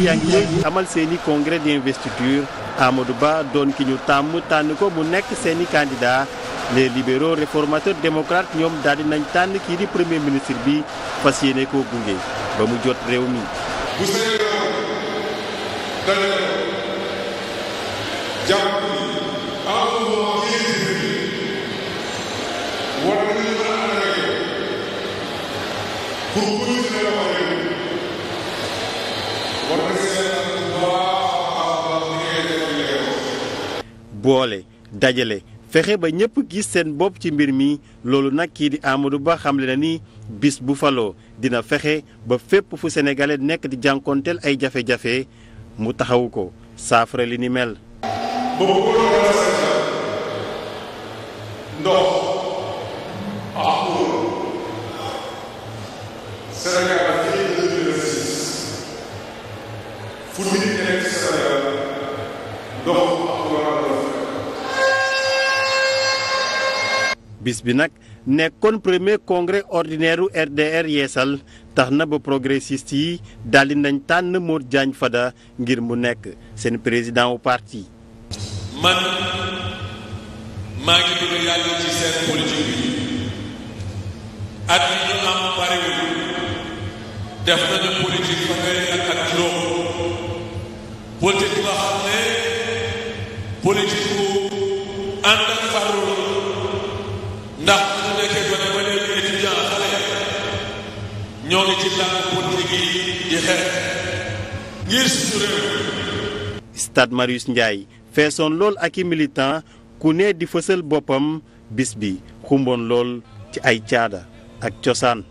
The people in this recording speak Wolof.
yaa ngi amal seeni i congrès d'investiture Amadou Ba doon ki ñu tàmm tànn ko mu nekk seeni i candidat les libéraux réformateurs ñoom daal di nañ tànn kii di premier ministre bi fas yéene koo gunge ba mu jot réew mi. bu Sénégal dana jàpp à un moment war nañu mën a pour bu ñu boole dajale fexe ba ñëpp gis seen bopp ci mbir mi loolu nag kii di Amadou Ba xamle na ni bis bu faloo dina fexe ba fépp fu sénégalais nekk di jànkonteel ay jafe-jafe mu taxawu ko saafara li ni mel. ndox. Sénégal bis bi nag nekkoon premier congrès ordinaire RDR yeesal tax na ba progressiste yi daldi nañ tànn Modou Diagne Fada ngir mu nekk seen président wu parti. man maa ngi bëgg yàgg ci seen politique yi ñu am barewul def nañu politique fanweeri ak ak juróom. politique bu xam ne politique ànd ak farlu ndax su nekkee gone ba léegi étudiant xale ñoo ngi ci làng politique yi di xeex ngir suñu réew. stade Marius Ndiaye feesoon lool ak i militant ku ne di fësal boppam bis bi xumboon lool ci ay caada ak cosaan.